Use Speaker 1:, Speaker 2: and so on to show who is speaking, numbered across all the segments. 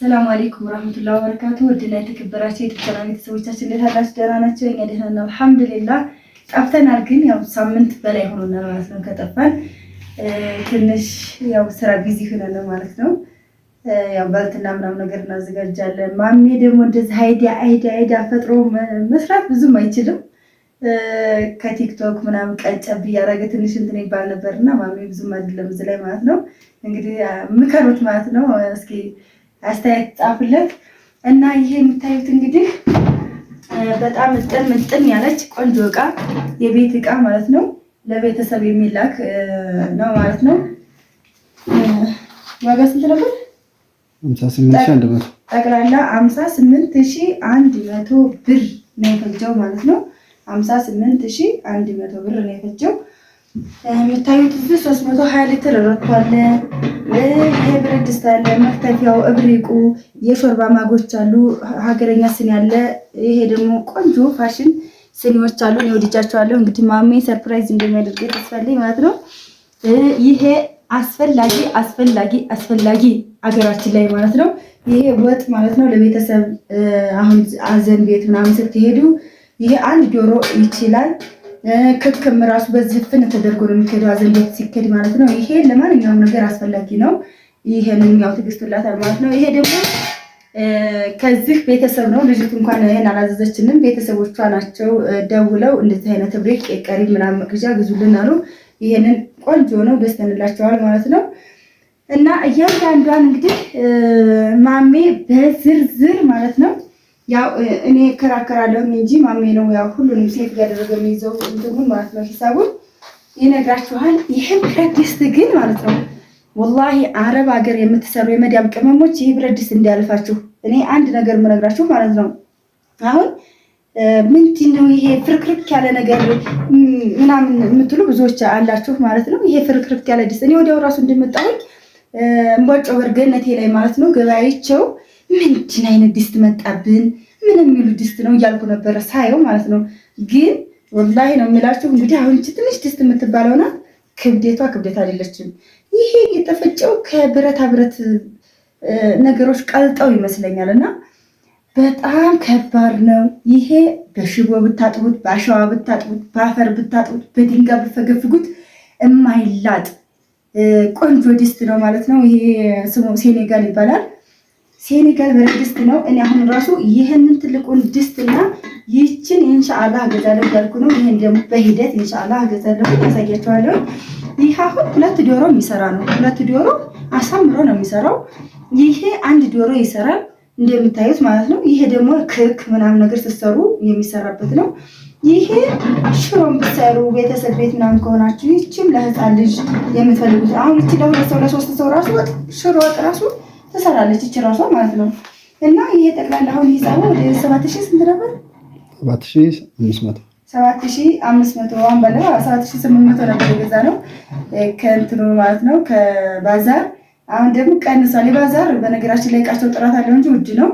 Speaker 1: ሰላም አለይኩም ወራህመቱላሂ ወበረካቱ። ውድና የተከበራችሁ የኢትዮጵያ ቤተሰቦቻችን እንዴት አላችሁ? ደህና ናቸው። እኛ ደህና ነው አልሐምዱሊላህ። ጠፍተናል፣ ግን ያው ሳምንት በላይ ሆኖናል ማለት ነው ከጠፋን። ትንሽ ያው ስራ ቢዚ ሆነን ማለት ነው። ያው ባልትና ምናምን ነገር እናዘጋጃለን። ማሜ ደግሞ እንደዚህ አይዳ አይዳ አይዳ ፈጥሮ መስራት ብዙም አይችልም። ከቲክቶክ ምናምን ቀንጨብ እያደረገ ትንሽ እንትን ይባል ነበር ማሜ ብዙም አይደለም እዚህ ላይ ማለት ነው። እንግዲህ ምከሩት ማለት ነው እስኪ አስተያየት ጻፉለት እና ይሄ የምታዩት እንግዲህ በጣም እጥን ምጥን ያለች ቆንጆ እቃ የቤት እቃ ማለት ነው። ለቤተሰብ የሚላክ ነው ማለት ነው። ዋጋ ስንት ነበር? ጠቅላላ አምሳ ስምንት ሺ አንድ መቶ ብር ነው የፈጀው ማለት ነው። አምሳ ስምንት ሺ አንድ መቶ ብር ነው የፈጀው። የምታዩት ሶስት መቶ ሀያ ሊትር ረቷል። የብረት ድስት አለ፣ መክተፊያው፣ እብሪቁ፣ የሾርባ ማጎች አሉ፣ ሀገረኛ ስኒ አለ። ይሄ ደግሞ ቆንጆ ፋሽን ስኒዎች አሉ። እኔ ወድጃቸዋለሁ። እንግዲህ ማሜ ሰርፕራይዝ እንደሚያደርገ ተስፋልኝ ማለት ነው። ይሄ አስፈላጊ አስፈላጊ አስፈላጊ ሀገራችን ላይ ማለት ነው። ይሄ ወጥ ማለት ነው ለቤተሰብ አሁን አዘን ቤት ምናምን ስትሄዱ ይሄ አንድ ዶሮ ይችላል። ክክም ራሱ በዚህ ፍን ተደርጎ ነው የሚሄደው፣ አዘንዴት ሲኬድ ማለት ነው። ይሄ ለማንኛውም ነገር አስፈላጊ ነው። ይሄንን ያው ትዕግስት ማለት ነው። ይሄ ደግሞ ከዚህ ቤተሰብ ነው። ልጅቱ እንኳን ይህን አላዘዘችንም፣ ቤተሰቦቿ ናቸው ደውለው እንደዚህ አይነት ብሬክ የቀሪ ምናምን መቅጃ ግዙልን አሉ። ይሄንን ቆንጆ ነው፣ ገዝተንላቸዋል ማለት ነው። እና እያንዳንዷን እንግዲህ ማሜ በዝርዝር ማለት ነው ያው እኔ እከራከራለሁኝ እንጂ ማሜ ነው ያው ሁሉንም ሴት እያደረገ የሚይዘው እንትኑን ማለት ነው ሂሳቡን ይነግራችኋል። ይሄ ብረት ድስት ግን ማለት ነው ወላሂ አረብ ሀገር የምትሰሩ የመዳም ቅመሞች ይሄ ብረት ድስት እንዳያልፋችሁ እኔ አንድ ነገር የምነግራችሁ ማለት ነው አሁን ምንድን ነው ይሄ ፍርክርክ ያለ ነገር ምናምን የምትሉ ብዙዎች አላችሁ ማለት ነው። ይሄ ፍርክርክ ያለ ድስት እኔ ወዲያው ራሱ እንድመጣሁኝ እንቧጮ በርገነቴ ላይ ማለት ነው ገበያቸው ምንድን አይነት ድስት መጣብን? ምን የሚሉ ድስት ነው እያልኩ ነበረ ሳየው ማለት ነው። ግን ወላሂ ነው የሚላችሁ እንግዲህ አሁን ትንሽ ድስት የምትባለው ናት። ክብደቷ ክብደት አይደለችም። ይሄ የተፈጨው ከብረታ ብረት ነገሮች ቀልጠው ይመስለኛል እና በጣም ከባድ ነው። ይሄ በሽቦ ብታጥቡት፣ በአሸዋ ብታጥቡት፣ በአፈር ብታጥቡት፣ በድንጋይ ብፈገፍጉት የማይላጥ ቆንጆ ድስት ነው ማለት ነው። ይሄ ስሙ ሴኔጋል ይባላል። ሴኔጋል ብረድስት ድስት ነው። እኔ አሁን ራሱ ይህንን ትልቁን ድስትና ይህችን ኢንሻአላህ አገዛለሁ እያልኩ ነው። ይህን ደግሞ በሂደት ኢንሻአላህ አገዛለሁ ያሳያችኋለሁ። ይህ አሁን ሁለት ዶሮ የሚሰራ ነው። ሁለት ዶሮ አሳምሮ ነው የሚሰራው። ይሄ አንድ ዶሮ ይሰራል እንደምታዩት ማለት ነው። ይሄ ደግሞ ክክ ምናምን ነገር ስትሰሩ የሚሰራበት ነው። ይሄ ሽሮም ብትሰሩ ቤተሰብ ቤት ምናምን ከሆናችሁ ይችም ለህፃን ልጅ የምትፈልጉት አሁን ይቺ ለሁለት ሰው ለሶስት ሰው ራሱ ሽሮ ወጥ ራሱ ትሰራለች እች ራሷ ማለት ነው። እና ይሄ ጠቅላላ አሁን ሂሳቡ ወደ ሰባት ሺህ ስንት ነበር?
Speaker 2: ሰባት ሺህ አምስት መቶ
Speaker 1: ሰባት ሺህ አምስት መቶ አሁን በለው ሰባት ሺህ ስምንት መቶ ነበር የገዛ ነው ከእንትኑ ማለት ነው ከባዛር። አሁን ደግሞ ቀንሷል። የባዛር በነገራችን ላይ እቃቸው ጥራት አለው እንጂ ውድ ነው፣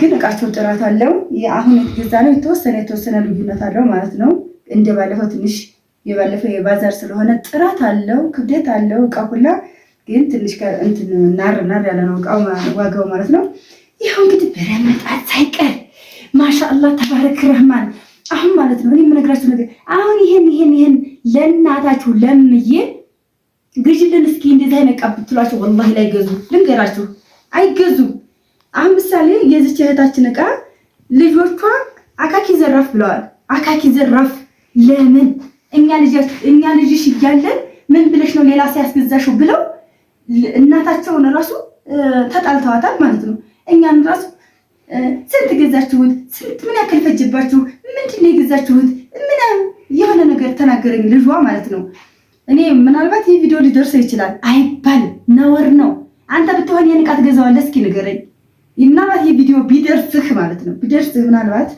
Speaker 1: ግን እቃቸው ጥራት አለው። አሁን የተገዛ ነው የተወሰነ የተወሰነ ልዩነት አለው ማለት ነው። እንደ ባለፈው ትንሽ የባለፈው የባዛር ስለሆነ ጥራት አለው፣ ክብደት አለው እቃ ሁላ ግን ትንሽ እንትን ናር ናር ያለ ነው እቃው ዋጋው ማለት ነው። ይኸው እንግዲህ በረመጣት ሳይቀር ማሻአላ ተባረክ ረህማን። አሁን ማለት ነው እኔ የምነግራችሁ ነገር አሁን ይሄን ይሄን ይሄን ለእናታችሁ ለምዬ ግዢልን እስኪ እንደዚህ አይነት ዕቃ ብትሏቸው ወላሂ ላይ ገዙ ልንገራችሁ፣ አይገዙም። አሁን ምሳሌ የዚች እህታችን ዕቃ ልጆቿ አካኪ ዘራፍ ብለዋል። አካኪ ዘራፍ ለምን እኛ ልጅሽ እያለን ምን ብለሽ ነው ሌላ ሲያስገዛሽው ብለው እናታቸውን ራሱ ተጣልተዋታል ማለት ነው። እኛን ራሱ ስንት ገዛችሁት? ስንት ምን ያክል ፈጅባችሁ? ምንድን ነው የገዛችሁት? ምን የሆነ ነገር ተናገረኝ ልጇ ማለት ነው። እኔ ምናልባት ይህ ቪዲዮ ሊደርሰው ይችላል አይባል ነወር ነው። አንተ ብትሆን የንቃት ገዛዋለ እስኪ ንገረኝ። ምናልባት ይህ ቪዲዮ ቢደርስህ ማለት ነው ቢደርስህ ምናልባት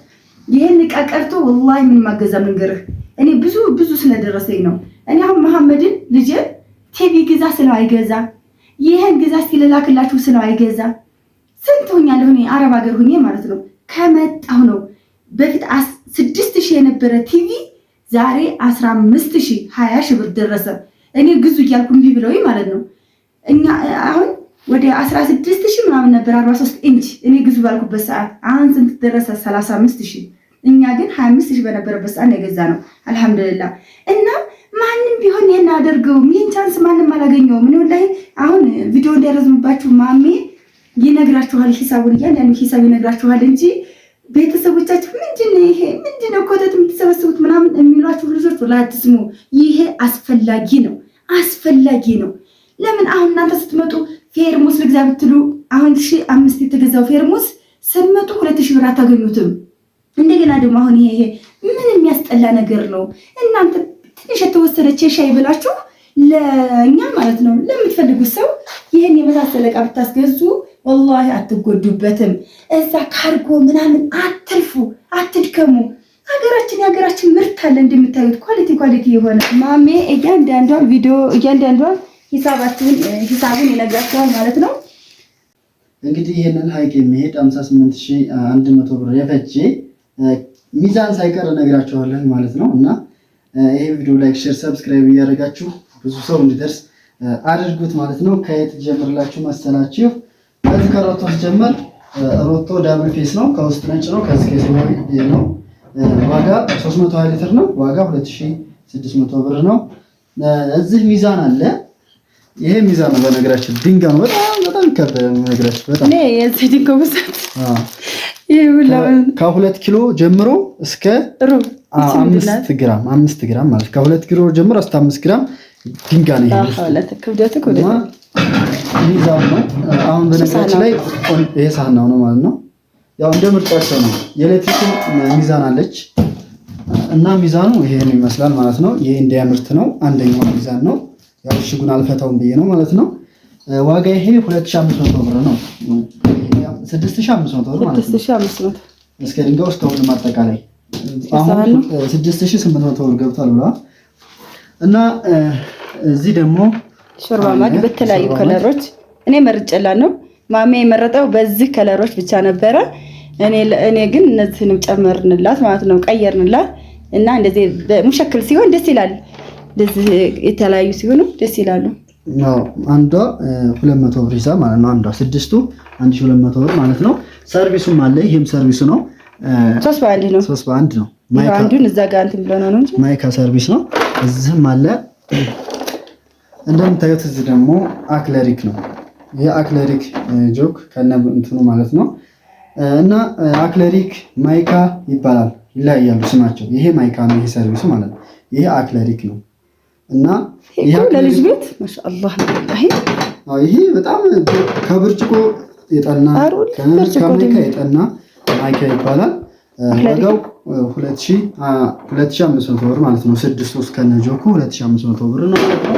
Speaker 1: ይህን ዕቃ ቀርቶ ወላሂ ምን ማገዛ ምንገርህ። እኔ ብዙ ብዙ ስለደረሰኝ ነው። እኔ አሁን መሐመድን ልጄ ቲቪ ግዛ ስለው አይገዛ ይህን ግዛ እስኪ ልላክላችሁ ስለው አይገዛ ስንት ሆኛለሁ እኔ አረብ ሀገር ሁኜ ማለት ነው ከመጣሁ ነው። በፊት ስድስት ሺህ የነበረ ቲቪ ዛሬ አስራ አምስት ሺህ ሀያ ሺህ ብር ደረሰ። እኔ ግዙ እያልኩ እምቢ ብለውኝ ማለት ነው እኛ አሁን ወደ አስራ ስድስት ሺህ ምናምን ነበር አርባ ሶስት ኢንች እኔ ግዙ ባልኩበት ሰዓት። አሁን ስንት ደረሰ? ሰላሳ አምስት ሺህ እኛ ግን ሀያ አምስት ሺህ በነበረበት ሰዓት ነው የገዛ ነው። አልሐምዱሊላህ እና ቢሆን ይሄን አደርገውም። ይህን ቻንስ ማንም አላገኘው። ምን ላይ አሁን ቪዲዮ እንዳይረዝምባችሁ ማሜ ይነግራችኋል፣ ሂሳቡን እያንዳንዱ ሂሳብ ይነግራችኋል እንጂ ቤተሰቦቻችሁ ምንድን ይሄ ምንድን ነው ኮተት የምትሰበስቡት ምናምን የሚሏችሁ ልጆች ላትስሙ። ይሄ አስፈላጊ ነው፣ አስፈላጊ ነው። ለምን አሁን እናንተ ስትመጡ ፌርሙስ ልግዛ ብትሉ አሁን ሺ አምስት የተገዛው ፌርሙስ ስትመጡ ሁለት ሺህ ብር አታገኙትም። እንደገና ደግሞ አሁን ይሄ ምን የሚያስጠላ ነገር ነው እናንተ ትንሽ የተወሰነች ሻይ ብላችሁ ለእኛ ማለት ነው ለምትፈልጉት ሰው ይህን የመሳሰለ እቃ ብታስገዙ ወላሂ አትጎዱበትም። እዛ ካርጎ ምናምን አትልፉ፣ አትድከሙ። ሀገራችን የሀገራችን ምርት አለ እንደምታዩት ኳሊቲ ኳሊቲ የሆነ ማሜ እያንዳንዷ ቪዲዮ እያንዳንዷ ሂሳባችን ሂሳቡን ይነግራቸዋል ማለት ነው።
Speaker 2: እንግዲህ ይህንን ሀይቅ የሚሄድ 58100 ብር የፈጀ ሚዛን ሳይቀር እነግራቸዋለን ማለት ነው እና ይሄ ቪዲዮ ላይክ፣ ሼር፣ ሰብስክራይብ እያደረጋችሁ ብዙ ሰው እንዲደርስ አድርጉት ማለት ነው። ከየት ጀምርላችሁ መሰላችሁ? ከዚህ ከሮቶ ጀመር። ሮቶ ዳብል ፌስ ነው፣ ከውስጥ ነጭ ነው፣ ከዚህ ከሰማያዊ ነው። ዋጋ 320 ሊትር ነው። ዋጋ 2600 ብር ነው። እዚህ ሚዛን አለ። ይሄ ሚዛን ነው። በነገራችን ድንጋ ነው። በጣም በጣም ይከብዳል። በነገራችን
Speaker 1: በጣም ነው የዚህ ድንጋይ ብዛት
Speaker 2: ከሁለት ኪሎ ጀምሮ እስከ አምስት ግራም አምስት ግራም ማለት ከሁለት ኪሎ ጀምሮ እስከ አምስት ግራም ድንጋ ነው። ሚዛን ነው። አሁን በነገራችን ላይ ይሄ ሳህናው ነው ማለት ነው። ያው እንደ ምርጫቸው ነው። የኤሌክትሪክ ሚዛን አለች እና ሚዛኑ ይሄን ይመስላል ማለት ነው። የኢንዲያ ምርት ነው። አንደኛው ሚዛን ነው። ያው እሽጉን አልፈታውም ብዬ ነው ማለት ነው። ዋጋ ይሄ 2500 ብር ነው። 6500 ብር
Speaker 1: ማለት ነው።
Speaker 2: እስከ ድንጋዩ እስከ ሁሉም አጠቃላይ አሁን ስድስት ሺህ ስምንት መቶ ብር ገብቷል ብሏል። እና እዚህ ደግሞ
Speaker 1: ሾርባ ማድ በተለያዩ ከለሮች እኔ መርጬላ ነው ማሜ የመረጠው በዚህ ከለሮች ብቻ ነበረ። እኔ ግን እነዚህንም ጨመርንላት ማለት ነው፣ ቀየርንላት እና እንደዚህ ሙሸክል ሲሆን ደስ ይላል። እንደዚህ የተለያዩ ሲሆኑ ደስ ይላሉ።
Speaker 2: አንዷ ሁለት መቶ ብር ሂሳብ ማለት ነው። አንዷ ስድስቱ አንድ ሺህ ሁለት መቶ ብር ማለት ነው። ሰርቪሱም አለ። ይህም ሰርቪሱ ነው። ሶስት በአንድ ነው። ሶስት በአንድ ነው።
Speaker 1: አንዱን እዛ ጋር እንትን ብለን ነው እንጂ
Speaker 2: ማይካ ሰርቪስ ነው። እዚህም አለ እንደምታዩት። እዚህ ደግሞ አክለሪክ ነው። ይህ አክለሪክ ጆክ ከነ እንትኑ ማለት ነው። እና አክለሪክ ማይካ ይባላል፣ ይለያያሉ ስማቸው። ይሄ ማይካ ነው፣ ይሄ ሰርቪሱ ማለት ነው። ይሄ አክለሪክ ነው። እና
Speaker 1: ለልጅ ቤት ማሻአላ
Speaker 2: ይሄ በጣም ከብርጭቆ የጠና ከአሜሪካ የጠና ማንኪያ ይባላል። ዋጋው 2500 ብር ማለት ነው። ስድስት ውስጥ ከነጆኩ 2500 ብር ነው ማለት ነው።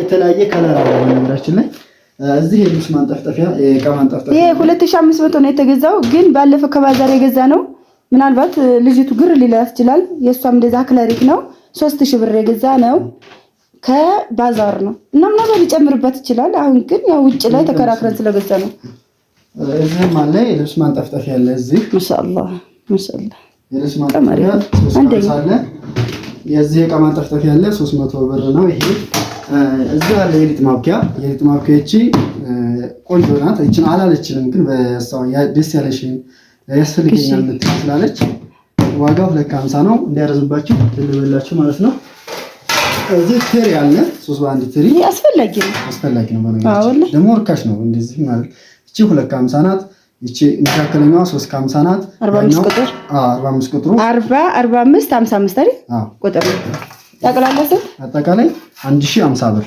Speaker 2: የተለያየ ከለር አለ በነገራችን ላይ እዚህ የልብስ ማንጠፍጠፊያ የእቃ ማንጠፍጠፊያ
Speaker 1: ይሄ 2500 ነው የተገዛው፣ ግን ባለፈው ከባዛር የገዛ ነው። ምናልባት ልጅቱ ግር ሊላት ይችላል። የእሷም እንደዛ ክለሪክ ነው። 3000 ብር የገዛ ነው ከባዛር ነው እና ምናልባት ሊጨምርበት ይችላል። አሁን ግን ያው ውጭ ላይ ተከራክረን ስለገዛ ነው
Speaker 2: እዚህም አለ የልብስ ማንጠፍጠፊያ አለ። እዚህ
Speaker 1: ማሻአላ ማሻአላ
Speaker 2: የልብስ ማንጠፍጠፊያ አለ። የዚህ ዕቃ ማንጠፍጠፊያ አለ፣ 300 ብር ነው ይሄ። እዚህ አለ የሊጥ ማብኪያ። የሊጥ ማብኪያ እቺ ቆንጆ ናት። እቺን አላለችንም ግን ደስ ያለሽን ያስፈልገኛል የምትል ስላለች ዋጋው 250 ነው። እንዲያረዝባችሁ ልበላችሁ ማለት ነው። እዚህ ትሪ አለ፣ 3 በ ትሪ
Speaker 1: አስፈላጊ ነው።
Speaker 2: አስፈላጊ ነው። ደግሞ ርካሽ ነው እንደዚህ ማለት እቺ ሁለት ከሀምሳ ናት። ይቺ መካከለኛዋ ሶስት ከሀምሳ ናት። አርባ አምስት ቁጥር ቁጥሩ
Speaker 1: አርባ አርባ አምስት ሀምሳ አምስት አይደል ቁጥር ጠቅላላ ስንት
Speaker 2: አጠቃላይ አንድ ሺህ ሀምሳ ብር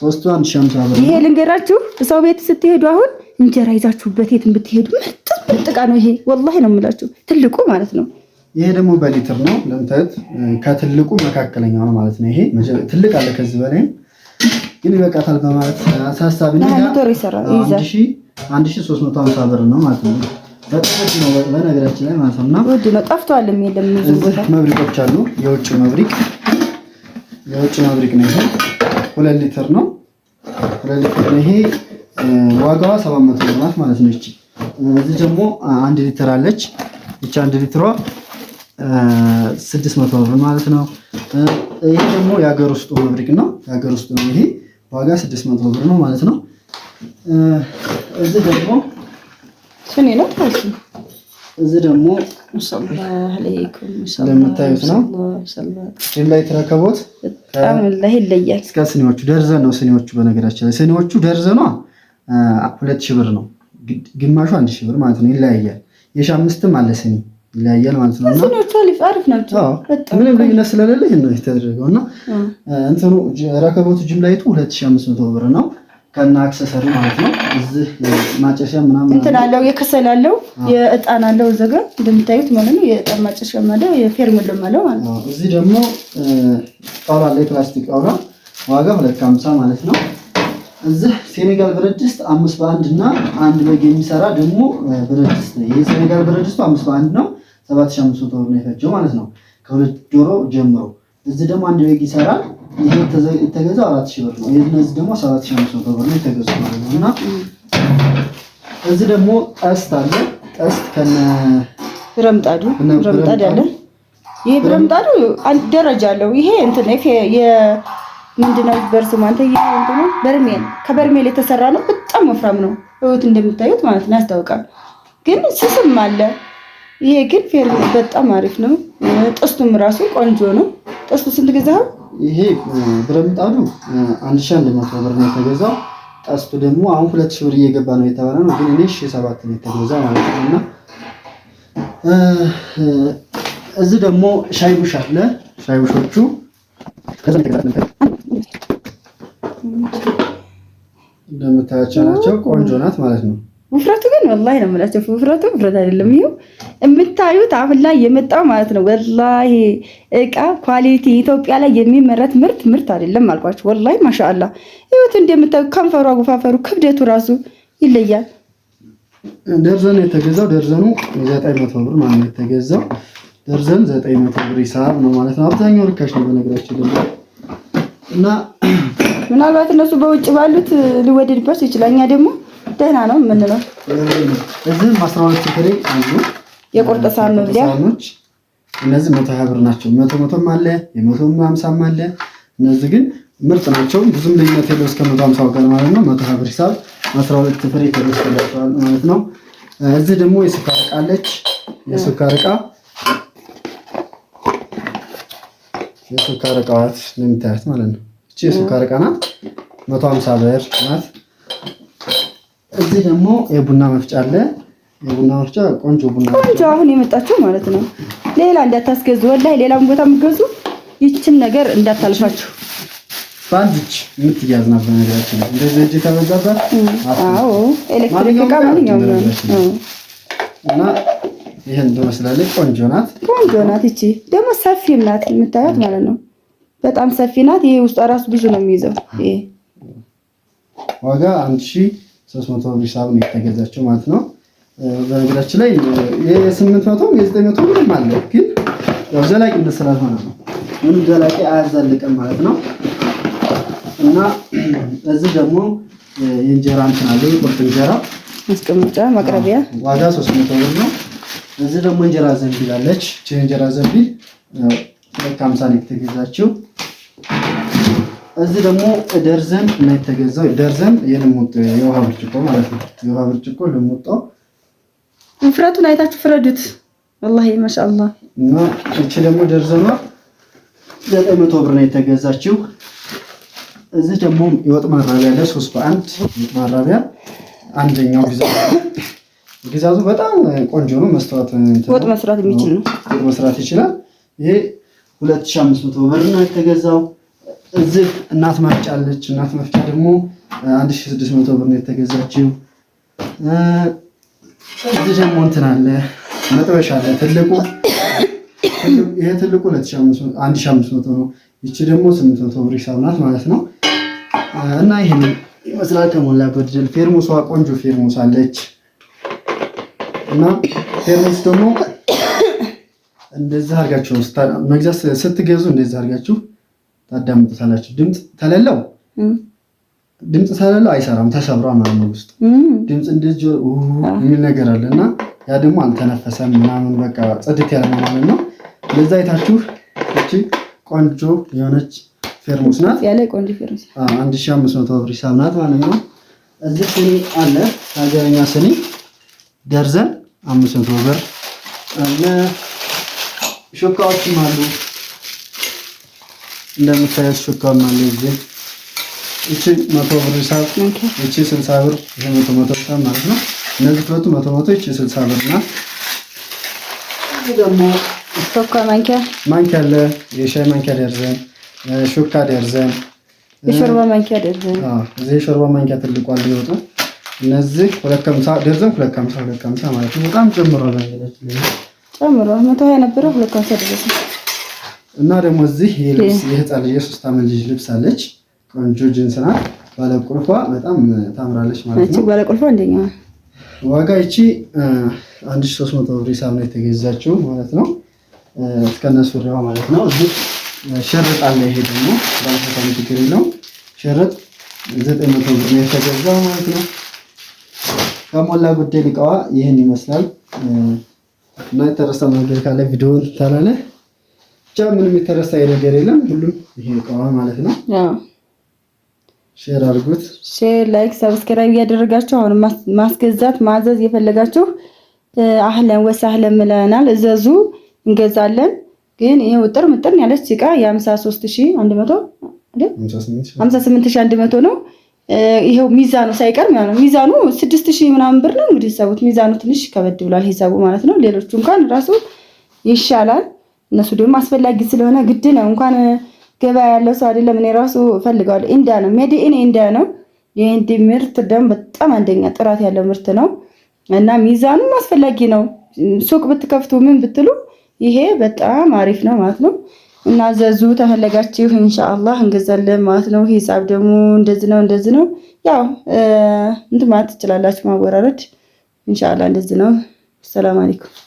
Speaker 2: ሶስቱ አንድ ሺህ ሀምሳ ብር። ይሄ
Speaker 1: ልንገራችሁ ሰው ቤት ስትሄዱ አሁን እንጀራ ይዛችሁበት የት ብትሄዱ ምርጥ ምርጥቃ ነው ይሄ ወላሂ ነው የምላችሁ ትልቁ ማለት ነው።
Speaker 2: ይሄ ደግሞ በሊትር ነው ለምታት ከትልቁ መካከለኛው ነው ማለት ነው። ይሄ ትልቅ አለ ከዚህ በላይም ግን ይበቃታል በማለት አሳሳቢ ነው። አንድ ሺህ ሶስት መቶ ሃምሳ ብር ነው ማለት ነው። በጣም ነው በነገራችን ላይ ማለት ነው።
Speaker 1: ውድ ነው ጠፍቷል። የለም
Speaker 2: መብሪቆች አሉ። የውጭ መብሪቅ የውጭ መብሪቅ ነው ይሄ ሁለት ሊትር ነው። ሁለት ሊትር ነው ይሄ ዋጋዋ ሰባት መቶ ብር ናት ማለት ነው። እቺ እዚህ ደግሞ አንድ ሊትር አለች። እቺ አንድ ሊትሯ ስድስት መቶ ብር ማለት ነው። ይሄ ደግሞ የሀገር ውስጡ መብሪቅ ነው። የሀገር ውስጡ ነው። ይሄ ዋጋ ስድስት መቶ ብር ነው ማለት ነው። እዚህ ደግሞ ስኔ ነው እዚህ ደግሞ
Speaker 1: እንደምታዩት ነው።
Speaker 2: ጅን ላይ ተረከቦት
Speaker 1: ይለያል። እስከ
Speaker 2: ስኒዎቹ ደርዘን ነው። ስኒዎቹ በነገራችን ላይ ስኒዎቹ ደርዘኗ ሁለት ሺህ ብር ነው፣ ግማሹ አንድ ሺህ ብር ማለት ነው። ይለያያል። የሺህ አምስትም አለ ስኒ ይለያያል ማለት ነው። ምንም ልዩነት ስለሌለ ይህ ነው የተደረገው እና እንትኑ ረከቦቱ ጅምላይቱ ሁለት ሺህ አምስት መቶ ብር ነው ከና አክሰሰሪ ማለት ነው። እዚህ ማጨሻ ምናምን
Speaker 1: እንትን አለው የከሰል አለው የእጣን አለው እዛ ጋር እንደምታዩት ማለት ነው። የእጣን ማጨሻ አለው የፌርሙልም አለው ማለት
Speaker 2: ነው። እዚህ ደግሞ ጣውላ ላይ ፕላስቲክ ጣውላ ዋጋ ሁለት ከሀምሳ ማለት ነው። እዚህ ሴኔጋል ብረት ድስት አምስት በአንድ እና አንድ በግ የሚሰራ ደግሞ ብረት ድስት ነው። ይህ ሴኔጋል ብረት ድስቱ አምስት በአንድ ነው። ሰባት ሺህ አምስት መቶ ብር ነው የፈጀው ማለት ነው። ከሁለት ዶሮ ጀምሮ እዚህ ደግሞ አንድ ቤግ ይሰራል። ይሄ የተገዛ አራት ሺህ ብር ነው። እነዚህ ደግሞ ሰባት ሺህ አምስት መቶ ብር ነው የተገዙ ማለት ነው። እና እዚህ ደግሞ ጠስት አለ። ጠስት ከነ
Speaker 1: ብረምጣዱ ብረምጣድ አለ። ይሄ ብረምጣዱ አንድ ደረጃ አለው። ይሄ እንትን ምንድነው በርሱ ማንተ ይሄ በርሜል ከበርሜል የተሰራ ነው። በጣም ወፍራም ነው እውት እንደምታዩት ማለት ነው። ያስታውቃል ግን ስስም አለ ይሄ ግን በጣም አሪፍ ነው። ጥስቱም ራሱ ቆንጆ ነው። ጥስቱ ስንት ገዛኸው?
Speaker 2: ይሄ ብረምጣዱ ምጣዱ 1100 አንድ መቶ ብር ነው የተገዛው። ጥስቱ ደግሞ አሁን 2000 ብር እየገባ ነው የተባለ ነው፣ ግን እኔ 7 ነው የተገዛ ማለት ነው። እና እዚህ ደግሞ ሻይቡሽ አለ። ሻይቡሾቹ እንደምታያቸው ናቸው። ቆንጆ ናት ማለት ነው።
Speaker 1: ውፍረቱ ግን ወላሂ ነው የምላቸው። ውፍረቱ ውፍረት አይደለም። ይኸው የምታዩት አሁን ላይ የመጣው ማለት ነው። ወላሂ እቃ ኳሊቲ ኢትዮጵያ ላይ የሚመረት ምርት ምርት አይደለም አልኳቸው። ወላሂ ማሻአላ ይወት እንደምታዩ ከንፈሩ፣ አጉፋፈሩ ክብደቱ ራሱ ይለያል።
Speaker 2: ደርዘን የተገዛው ደርዘኑ ዘጠኝ መቶ ብር ማለት ነው የተገዛው ደርዘን ዘጠኝ መቶ ብር ሂሳብ ነው ማለት ነው። አብዛኛው ርካሽ ነው በነገራችን እና
Speaker 1: ምናልባት እነሱ በውጭ ባሉት ሊወደድባቸው ይችላል። እኛ ደግሞ ደህና ነው የምንለው።
Speaker 2: እዚህም አስራ ሁለት ፍሬ
Speaker 1: አሉ የቁርጥ
Speaker 2: ሳህኖች። እነዚህ መቶ ሀያ ብር ናቸው። መቶ መቶም አለ የመቶ ሀምሳም አለ። እነዚህ ግን ምርጥ ናቸው። ብዙም ልዩነት የለው እስከ መቶ ሀምሳው ጋር ማለት ነው። መቶ ሀያ ብር ሂሳብ አስራ ሁለት ፍሬ ማለት ነው። እዚህ ደግሞ የስኳር ዕቃ አለች። የስኳር ዕቃ የስኳር ዕቃዋት ማለት ነው። እቺ የስኳር ዕቃ ናት። መቶ ሀምሳ ብር ናት። እዚህ ደግሞ የቡና መፍጫ አለ። የቡና መፍጫ ቆንጆ ቡና
Speaker 1: ቆንጆ አሁን የመጣችው ማለት ነው። ሌላ እንዳታስገዙ፣ ወላሂ ሌላም ቦታ የምትገዙ ይችን ነገር እንዳታልፋችሁ።
Speaker 2: በአንድ እጅ የምትያዝ ናት። በነገራችን እንደዚህ እጅ ተበዛባት።
Speaker 1: አዎ ኤሌክትሪክ ዕቃ
Speaker 2: ማንኛውም ነው እና ይሄን ትመስላለች። ቆንጆ ናት፣
Speaker 1: ቆንጆ ናት። እቺ ደግሞ ሰፊም ናት የምታያት ማለት ነው። በጣም ሰፊ ናት። ይሄ ውስጥ ራሱ ብዙ ነው የሚይዘው። ይሄ
Speaker 2: ዋጋ አንድ ሺህ ሶስት መቶ ብር ሂሳብ ነው የተገዛቸው ማለት ነው። በነገራችን ላይ የስምንት መቶ የዘጠኝ መቶ ምንም አለ፣ ግን ያው ዘላቂነት ስላልሆነ ነው። ምንም ዘላቂ አያዛልቅም ማለት ነው። እና እዚህ ደግሞ የእንጀራ እንትን አለ፣ የቁርጥ እንጀራ
Speaker 1: ማስቀመጫ ማቅረቢያ
Speaker 2: ዋጋ ሶስት መቶ ብር ነው። እዚህ ደግሞ እንጀራ ዘንቢል አለች። እንጀራ ዘንቢል ሁለት ሀምሳ ነው የተገዛችው። እዚህ ደግሞ ደርዘን ነው የተገዛው። ደርዘን የልሙጥ የውሃ ብርጭቆ ማለት ነው። የውሃ ብርጭቆ ልሙጣው
Speaker 1: ውፍረቱን አይታችሁ ፍረዱት። ወላሂ ማሻአላ።
Speaker 2: እና እቺ ደግሞ ደርዘኗ ዘጠኝ መቶ ብር ነው የተገዛችው። እዚህ ደግሞ የወጥ ማራቢያ ለሶስት በአንድ የወጥ ማራቢያ አንደኛው ግዛት ግዛዙ በጣም ቆንጆ ነው። መስታወት
Speaker 1: ወጥ መስራት የሚችል ነው።
Speaker 2: ወጥ መስራት ይችላል። ይሄ 2500 ብር ነው የተገዛው። እዚህ እናት መፍጫ አለች። እናት መፍጫ ደግሞ 1600 ብር ነው የተገዛችው። እዚህ ደግሞ እንትን አለ መጥበሻ አለ። ትልቁ ይሄ ትልቁ 1500 ነው። ይቺ ደግሞ 800 ብር ሂሳብ ናት ማለት ነው። እና ይሄን ይመስላል ከሞላ ጎደል። ፌርሙሷ ቆንጆ ፌርሙስ አለች። እና ፌርሙስ ደግሞ እንደዚህ አድርጋችሁ መግዛት ስትገዙ እንደዛ አርጋችሁ ታዳምጡታላችሁ። ድምፅ ተለለው ድምፅ ተለለው አይሰራም፣ ተሰብሯ ምናምን ውስጥ ድምፅ እንደጆ የሚል ነገር አለ እና ያ ደግሞ አልተነፈሰም ምናምን በቃ ጽድት ያለ ማለት ነው። ለዛ አይታችሁ እቺ ቆንጆ የሆነች ፌርሙስ ናት፣
Speaker 1: ያለ ቆንጆ ፌርሙስ
Speaker 2: አንድ ሺህ አምስት መቶ ብር ሂሳብ ናት ማለት ነው። እዚህ ስኒ አለ ሀገረኛ ስኒ ደርዘን አምስት መቶ ብር አለ። ሹካዎችም አሉ እንደምታያት ሹካም አለ እዚህ እቺ መቶ ብር ሂሳብ እቺ ስልሳ ብር ይሄ መቶ መቶ ሂሳብ ማለት ነው። እነዚህ ሁለቱ መቶ መቶ እቺ ስልሳ ብር እና
Speaker 1: ደግሞ ሹካ ማንኪያ
Speaker 2: ማንኪያ አለ የሻይ ማንኪያ ደርዘን፣ ሹካ ደርዘን፣
Speaker 1: የሾርባ ማንኪያ ደርዘን።
Speaker 2: አዎ እዚህ የሾርባ ማንኪያ ትልቋ አለ እነዚህ ሁለት ከምሳ ደርዘን ሁለት ከምሳ ሁለት ከምሳ ማለት ነው። በጣም ጨምሯል። ነው
Speaker 1: ጨምሯል። መቶ ሀያ ነበረ ሁለት ከምሳ ደርዘን
Speaker 2: እና ደግሞ እዚህ ልብስ የህፃን የሶስት ዓመት ልጅ ልብስ አለች። ቆንጆ ጅንስ ናት። ባለቁልፏ በጣም ታምራለች
Speaker 1: ማለት ነው። ባለቁልፏ እንደኛ
Speaker 2: ዋጋ ይቺ 1300 ብር ሂሳብ ነው የተገዛችው ማለት ነው። እስከነሱ ሪዋ ማለት ነው። እዚህ ሸረጥ አለ። ይሄ ደግሞ ባለፈታሚ ችግር ነው። ሸረጥ 900 ብር ነው የተገዛው ማለት ነው። ከሞላ ጉዳይ እቃዋ ይህን ይመስላል እና የተረሳ ነገር ካለ ቪዲዮን ታላለህ ብቻ ምንም የተረሳ ነገር የለም። ሁሉም ይሄ እቃዋ ማለት ነው። ሼር አድርጉት።
Speaker 1: ሼር፣ ላይክ፣ ሰብስክራይብ እያደረጋችሁ አሁን ማስገዛት ማዘዝ የፈለጋችሁ አህለን ወሳህለን ምለናል። እዘዙ እንገዛለን። ግን ይሄ ውጥር ምጥርን ያለች እቃ የ58100 ነው። ይሄው ሚዛኑ ሳይቀር ማለት ነው። ሚዛኑ 6000 ምናምን ብር ነው። እንግዲህ ሰቡት። ሚዛኑ ትንሽ ከበድ ብሏል ሂሳቡ ማለት ነው። ሌሎቹ እንኳን ራሱ ይሻላል። እነሱ ደግሞ አስፈላጊ ስለሆነ ግድ ነው። እንኳን ገበያ ያለው ሰው አይደለም እኔ ራሱ እፈልገዋለሁ። ኢንዲያ ነው፣ ሜድ ኢን ኢንዲያ ነው። የኢንዲ ምርት ደግሞ በጣም አንደኛ ጥራት ያለው ምርት ነው እና ሚዛኑም አስፈላጊ ነው። ሱቅ ብትከፍቱ ምን ብትሉ ይሄ በጣም አሪፍ ነው ማለት ነው። እና ዘዙ ተፈለጋችሁ ኢንሻአላህ እንገዛለን ማለት ነው። ሂሳብ ደግሞ እንደዚህ ነው እንደዚህ ነው ያው እንትን ማለት ትችላላችሁ ማወራረድ። ኢንሻአላህ እንደዚህ ነው። ሰላም አለይኩም